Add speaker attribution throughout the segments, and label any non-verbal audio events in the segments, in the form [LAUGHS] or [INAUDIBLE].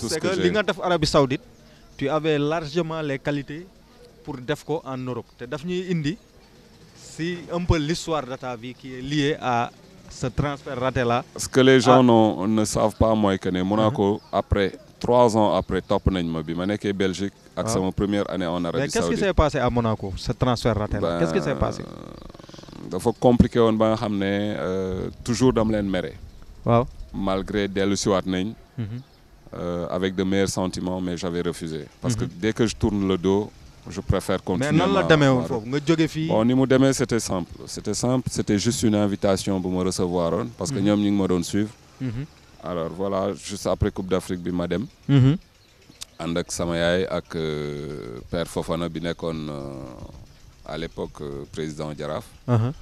Speaker 1: C'est que
Speaker 2: li Saoudite tu avais largement les qualités pour defco en Europe te indi si un peu l'histoire de ta vie qui est liée à ce transfert raté là. Ce que les gens
Speaker 1: ah. ne savent pas c'est que Monaco mhm. après trois ans après Top nañ ma bi ma Belgique. a ah. sa première année en Arabie Saoudite mais qu'est-ce qui
Speaker 2: s'est passé à Monaco ce transfert raté là ben, qu'est-ce qui s'est passé.
Speaker 1: Il faut compliquer ba nga euh, toujours dans leen méré. waaw malgré dellu siwaat nañ. Mhm. Euh, avec de meilleurs sentiments mais j'avais refusé. parce que mhm. dès que je tourne le dos. je préfère continuer. Mais non, là, demain, Bon, ni c'était simple. C'était simple, c'était juste une invitation pour me recevoir, parce que mm -hmm. nous, me suivre. Mhm. Alors voilà, juste après Coupe d'Afrique, bi madame. allé. -hmm. And avec et Père Fofana, bi euh, à l'époque euh, président girafe uh-huh.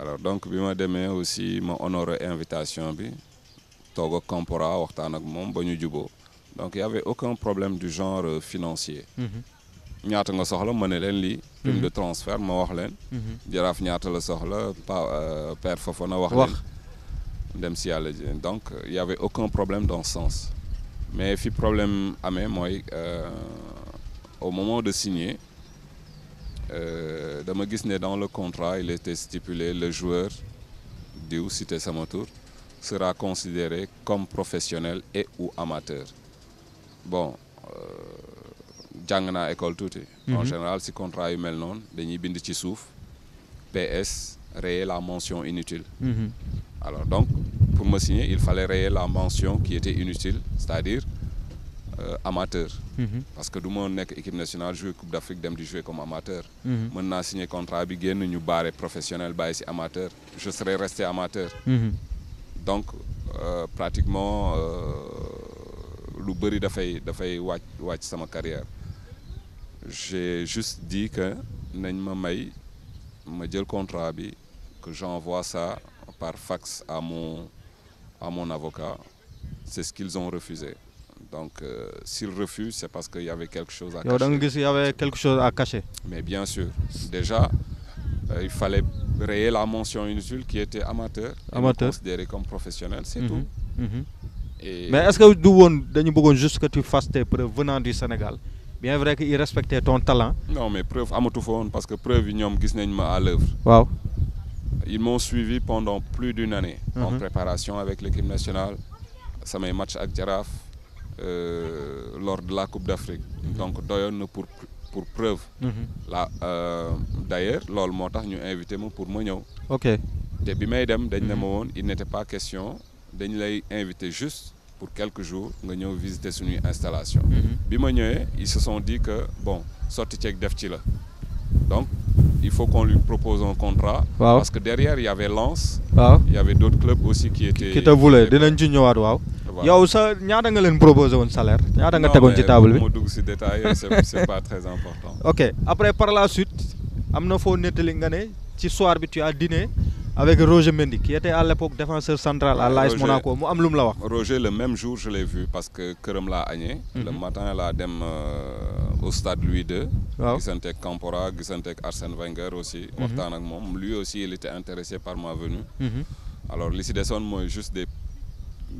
Speaker 1: alors donc bi ma aussi ma honoré invitation bi togo ak waxtan ak mom bañu ñu donc il y avait aucun problème du genre euh, financier. Uh-huh. ñaata nga soxla mané len li uh-huh. prime de transfert ma wax leen. Diaraf ñaata la soxla pa euh, père Fofana wax leen. dem si yàlla donc il y avait aucun problème dans ce sens mais fi problème moy euh, au moment de signer dans le contrat il était stipulé le joueur du cité Samotour sera considéré comme professionnel et ou amateur bon euh, j'ai école en mhm. général si contrat est mal non, PS rayer la mention inutile. Mhm. alors donc pour me signer il fallait rayer la mention qui était inutile c'est-à-dire. Euh, amateur. Mhm. parce que du monde nekk équipe nationale jouer coupe d'Afrique d'aime de jouer comme amateur. suis mhm. signé signer contrat bi nous professionnel amateur je serais resté amateur. Mhm. donc euh, pratiquement euh, lu de dafay dafay de ma ma carrière j'ai juste dit que je ma me ma contrat que j'envoie ça par fax à mon à mon avocat c'est ce qu'ils ont refusé. Donc, euh, s'il refuse, c'est parce qu'il y avait quelque chose à cacher. Donc,
Speaker 2: il y avait quelque chose à cacher.
Speaker 1: Mais bien sûr, déjà, euh, il fallait rayer la mention inutile qui était amateur, amateur. considéré comme professionnel, c'est mhm, tout. Mhm. Mais est-ce que
Speaker 2: vous voulez juste que tu fasses tes preuves venant du Sénégal
Speaker 1: Bien vrai qu'ils respectaient ton talent. Non, mais preuve, Amoutoufon, parce que preuve, ils m'ont à l'œuvre. Ils m'ont suivi pendant plus d'une année en mhm. préparation avec l'équipe nationale. Ça m'a match avec Giraffe. Euh, lors de la Coupe d'Afrique. Mhm. donc nous pour pour preuve. Mhm. Euh, d'ailleurs lors le invité pour ma ok Depuis mhm. il n'était pas question de lay inviter juste pour quelques jours pour visiter son installation. ils se sont dit que bon sortie ceeg def donc. il faut qu'on lui propose un contrat. Parce que derrière, il y avait Lens. Il y avait d'autres clubs aussi qui étaient. Qui te voulaient.
Speaker 2: Des yow sa ñaata nga leen proposé woon salaire ñaata nga tegoon ci table bi non mais dugg si détail c'est pas
Speaker 1: très important. [LAUGHS] ok
Speaker 2: après par la suite am na foo nettali nga ne ci soir bi tu as dîné avec Roger Mendy qui était à l'époque défenseur central à l'AS Monaco
Speaker 1: mu am lu la wax. Roger le même jour je l'ai vu parce que këram l'a añee. Mhm. le matin laa dem euh, au stade Louis II. waaw gisanteeg Campora gisanteeg Arsène Wenger aussi. Mhm. waxtaan ak moom lui aussi il était intéressé par ma venue. Mhm. alors li si desoon juste des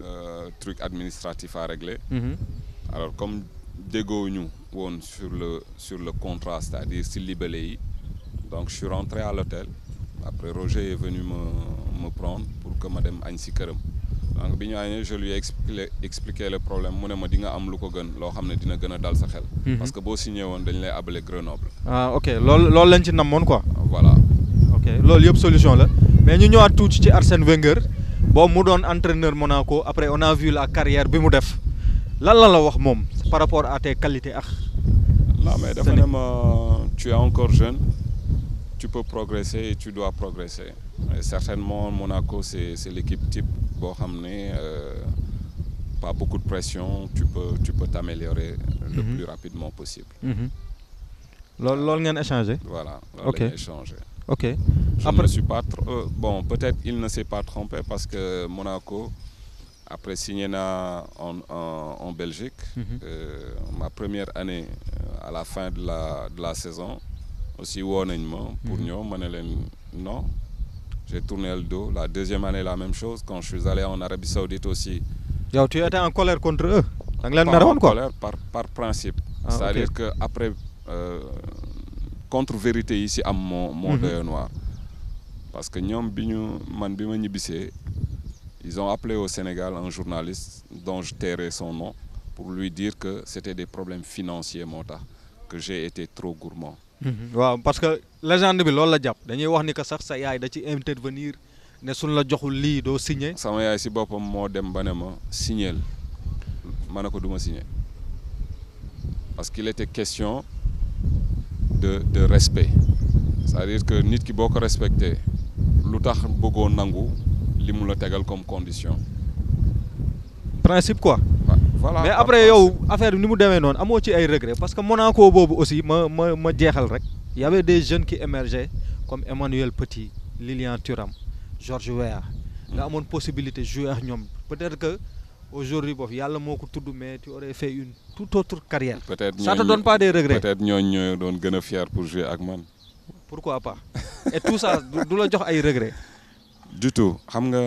Speaker 1: euh, truc administratif à régler. Mhm. Alors comme dégoût won sur le sur le contrat, c'est-à-dire si libellé, donc je suis rentré à l'hôtel. Après Roger est venu me, me prendre pour que Madame Ansi Kerem. Donc je lui ai expliqué, le problème. Je lui ai dit que je suis xamné dina gëna dal sa mhm. parce que bo signé won dañ lay Grenoble. Ah OK, c'est lol lañ ci
Speaker 2: quoi. Voilà.
Speaker 1: OK, lol une
Speaker 2: solution Mais nous ñëwaat tout ci Arsène Wenger. Bon, mu don entraîneur Monaco après on a vu la carrière bi def par rapport à tes qualités
Speaker 1: non mais tu es encore jeune tu peux progresser et tu dois progresser certainement Monaco c'est l'équipe type qui ramener euh, pas beaucoup de pression tu peux tu peux t'améliorer le mhm. plus rapidement possible. Mhm. loolu loolu échangé voilà loolu ngeen Ok. ok ne suis pas trop... Euh, bon, peut-être il ne s'est pas trompé parce que Monaco, après signer en, en, Belgique, mhm. euh, ma première année euh, à la fin de la, de la saison, aussi honnêtement, pour mm non. J'ai tourné le dos. La deuxième année, la même chose. Quand je suis allé en Arabie Saoudite aussi.
Speaker 2: tu étais en colère contre eux en Colère,
Speaker 1: par, principe. Ah, C'est-à-dire que qu'après, contre-vérité ici à mon, mon mhm. noir parce que nous, bi ils ont appelé au Sénégal un journaliste dont je tairai son nom pour lui dire que c'était des problèmes financiers Mota, que j'ai été trop gourmand. Mhm. parce que légende bi loolu la jàpp dañuy wax ni que sax sa yaay da ci intervenir ne suñ la joxul lii doo signé. sama m'a si boppam moo dem ba ne ma signeel ne pas signé parce qu'il était question de de respect c'est-à-dire que nit ki boo respecter. respecté. Le nangu la comme condition. principe quoi. mais après
Speaker 2: yow affaire a ni mu regrets non amo ci ay regret parce que Monaco bobu aussi ma ma ma y avait des jeunes qui émergeaient comme Emmanuel Petit Lilian Thuram Georges Weah. nga une hmm. possibilité jouer avec nous. peut-être que aujourd'hui bof yalla moko tuddu mais tu aurais fait une toute autre carrière. Ça ne te donne pas des regrets.
Speaker 1: peut-être que ñoo sommes fiers pour jouer avec man
Speaker 2: pourquoi pas et tout ça du
Speaker 1: la jox ay regret du tout xam nga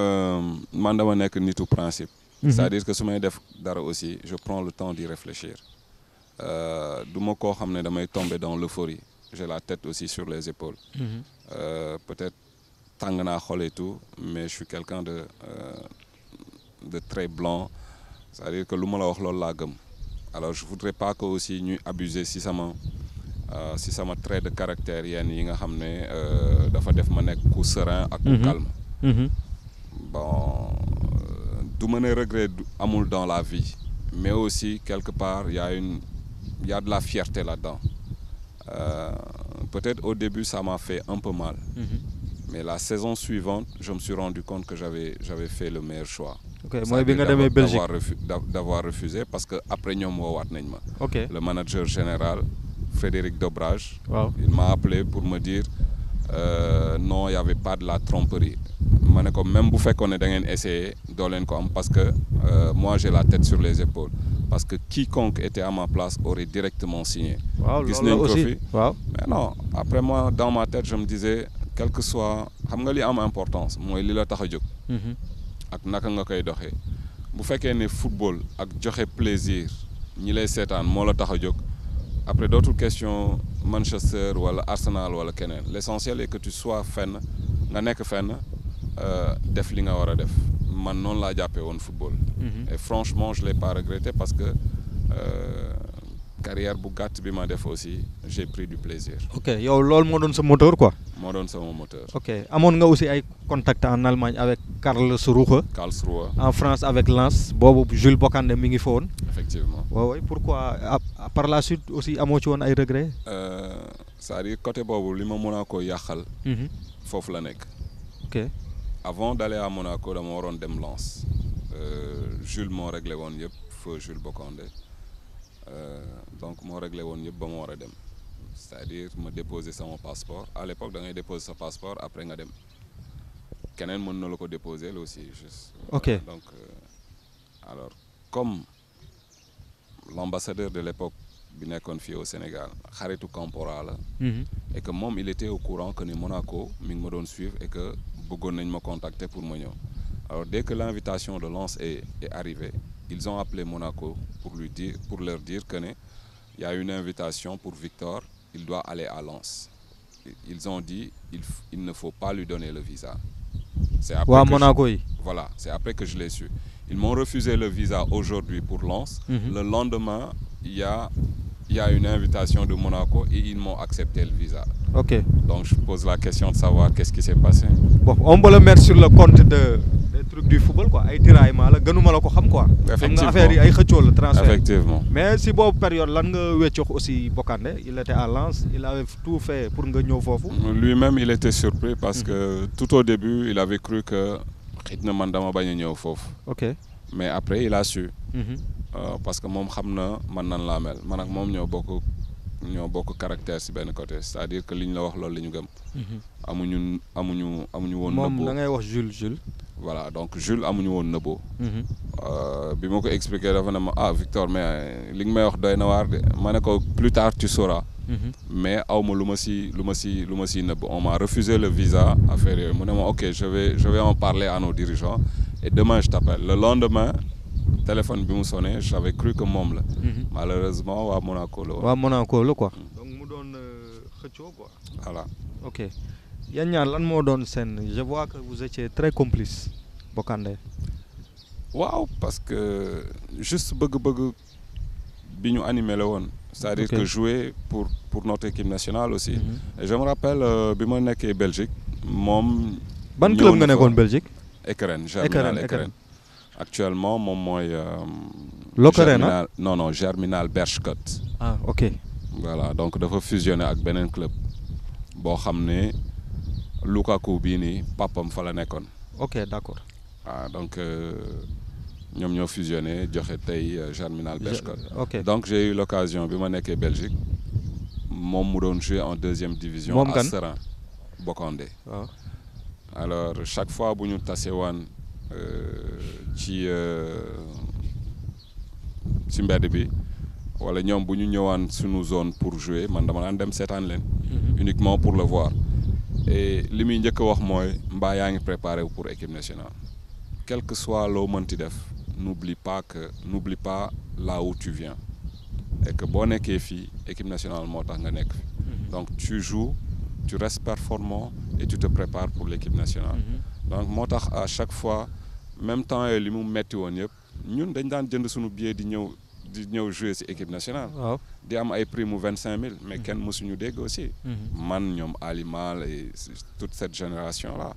Speaker 1: euh, man dama nek nitu principe mhm. c'est-à-dire que su def dara aussi je prends le temps d'y réfléchir Je euh, ma ko xamné damay tomber dans l'euphorie j'ai la tête aussi sur les épaules mhm. euh, peut-être tàng naa et tout mais je suis quelqu'un de euh, de très blanc c'est-à-dire que lu la wax alors je voudrais pas que aussi ñuy abuser si sama euh, si m'a trait de caractère yenn yi nga xamné euh dafa def ma ku serein ak ku mhm. calme mhm. bon euh, du regret amul dans la vie mais aussi quelque part y a une y a de la fierté là-dedans euh, peut-être au début ça m'a fait un peu mal mhm. mais la saison suivante je me suis rendu compte que j'avais j'avais fait le meilleur choix okay. d'avoir refusé parce que après nous avons le manager général Frédéric Dobrage. Il m'a appelé pour me dire euh, non, il n'y avait pas de la tromperie. Même si vous même si qu'on a parce que euh, moi j'ai la tête sur les épaules. Parce que quiconque était à ma place aurait directement signé. Wow, Mais non, après moi, dans ma tête, je me disais, quel que soit. xam nga li am importance mooy li la a mhm. ak naka nga koy bu le football ak le plaisir ñi lay là la après d'autres questions, Manchester ou Arsenal ou Kenen. L'essentiel est que tu sois fan, tu nek fan, euh, def li nga wara def. Man non la jappé won football. Mhm. Et franchement, je ne l'ai pas regretté parce que euh, carrière bu gatt bi aussi, j'ai pris du plaisir.
Speaker 2: OK, yow lol mo moteur quoi
Speaker 1: moo doon sama moteur. ok
Speaker 2: amoon nga aussi ay contact en Allemagne avec Karlsruhe. Karlsruhe en France avec Lance, boobu Jules Bocandé mi ngi fa effectivement waaw oui, pourquoi par la suite aussi amoo ci woon ay regret.
Speaker 1: Euh, c'est-à-dire côté boobu li ma Monaco yàqal. Mhm. foofu la nekk. ok avant d'aller à Monaco dama waroon dem Lens euh, Jules moo réglé woon yëpp feu Jules Bocandé euh, donc moo réglé woon yëpp ba ma war dem c'est-à-dire me déposer son passeport à l'époque da ngay déposer passeport après il y keneen mën déposer lui aussi juste ok donc euh, alors comme l'ambassadeur de l'époque bi était confié au Sénégal mhm. et que moi, il était au courant que Monaco me ma et que Bougon me ma contacter pour moi alors dès que l'invitation de Lance est arrivée ils ont appelé Monaco pour lui dire pour leur dire qu'il y a une invitation pour Victor il doit aller à Lens. Ils ont dit il, ne faut pas lui donner le visa. C'est après, Monaco. Voilà, c'est après que je l'ai su. Ils m'ont refusé le visa aujourd'hui pour Lens. Mhm. Le lendemain, il y a, y a une invitation de Monaco et ils m'ont accepté le visa. Ok. Donc je pose la question de savoir qu'est-ce qui s'est passé. Bon, on peut le mettre sur le
Speaker 2: compte de truc du football quoi ay tiraillement la gënuma la ko xam quoi. effectivement affaire ay xëccoo la transfert effectivement mais si boobu période lan nga wéccu aussi bokandé il était à Lens il avait tout fait pour nga ñëw fofu
Speaker 1: lui-même il était surpris parce mm. que tout au début il avait cru que xëj na man dama bañ ñëw fofu ok mais après il a su. Mm-hmm. Euh, parce que mom xamna man nan la mel man ak mom ñoo bokk. ñoo bokk caractère ci benn côté c'est-à-dire que liñ la wax loolu la ñu gëm. Mm-hmm. amuñu amuñu amuñu woon. nëbbu moom da ngay wax Jules Jules voilà donc Jules a woon nëbboo. Mhm. Euh, bi ma ko expliqué dafa ma ah Victor mais li may wax doy plus tard tu sauras. Mhm. mais au moment si si si on m'a refusé le visa affaire yooyu ok je vais je vais en parler à nos dirigeants et demain je t'appelle le lendemain. téléphone bi mu sonné j'avais cru que moom la. Mhm. malheureusement à Monaco À Monaco le quoi.
Speaker 2: donc mu doon euh, quoi.
Speaker 1: voilà ok yéen
Speaker 2: ñaar lan mo doon sen je vois que vous étiez très complice Bokandé
Speaker 1: waaw parce que juste bëgg-bëgg biñu ñu animé c'est-à-dire que jouer pour pour notre équipe nationale aussi mhm. et je me rappelle euh, bi ma nekkee Belgique mom ban club nga en Belgique Ekeren Germinal Ekeren actuellement moom mooy euh, Lokeren non non Germinal Berchkot ah ok voilà donc dafa fusionner avec Benin club bo xamné Lukaku Koubini Papa papam Fala Nekon.
Speaker 2: ok d'accord.
Speaker 1: Ah, donc euh, ñom ñoo fusionné joxé tay Germinal euh, Berchkone. ok donc j'ai eu l'occasion bima ma Belgique mom mu doon jouer en deuxième division. à Serein Bokandé. alors chaque fois tassé ñu euh ci euh, ci mbedd bi wala ñom buñu ñëwaan suñu zone pour jouer man dama lan dem seetaan leen. Mhm. uniquement pour le voir et ce que je veux wax c'est mbaa préparé pour l'équipe nationale quel que soit le moment def n'oublie pas que n'oublie pas là où tu viens et que bonne équipe nationale est en nga mhm. donc tu joues tu restes performant et tu te prépares pour l'équipe nationale mhm. donc à chaque fois même temps yooyu li mu metti woon Nous ñun dañ jënd suñu billet di ñëw nous jouons équipe nationale. Nous avons pris 25 000, mais nous avons aussi. Mhm. Nous avons Alimal et toute cette génération-là.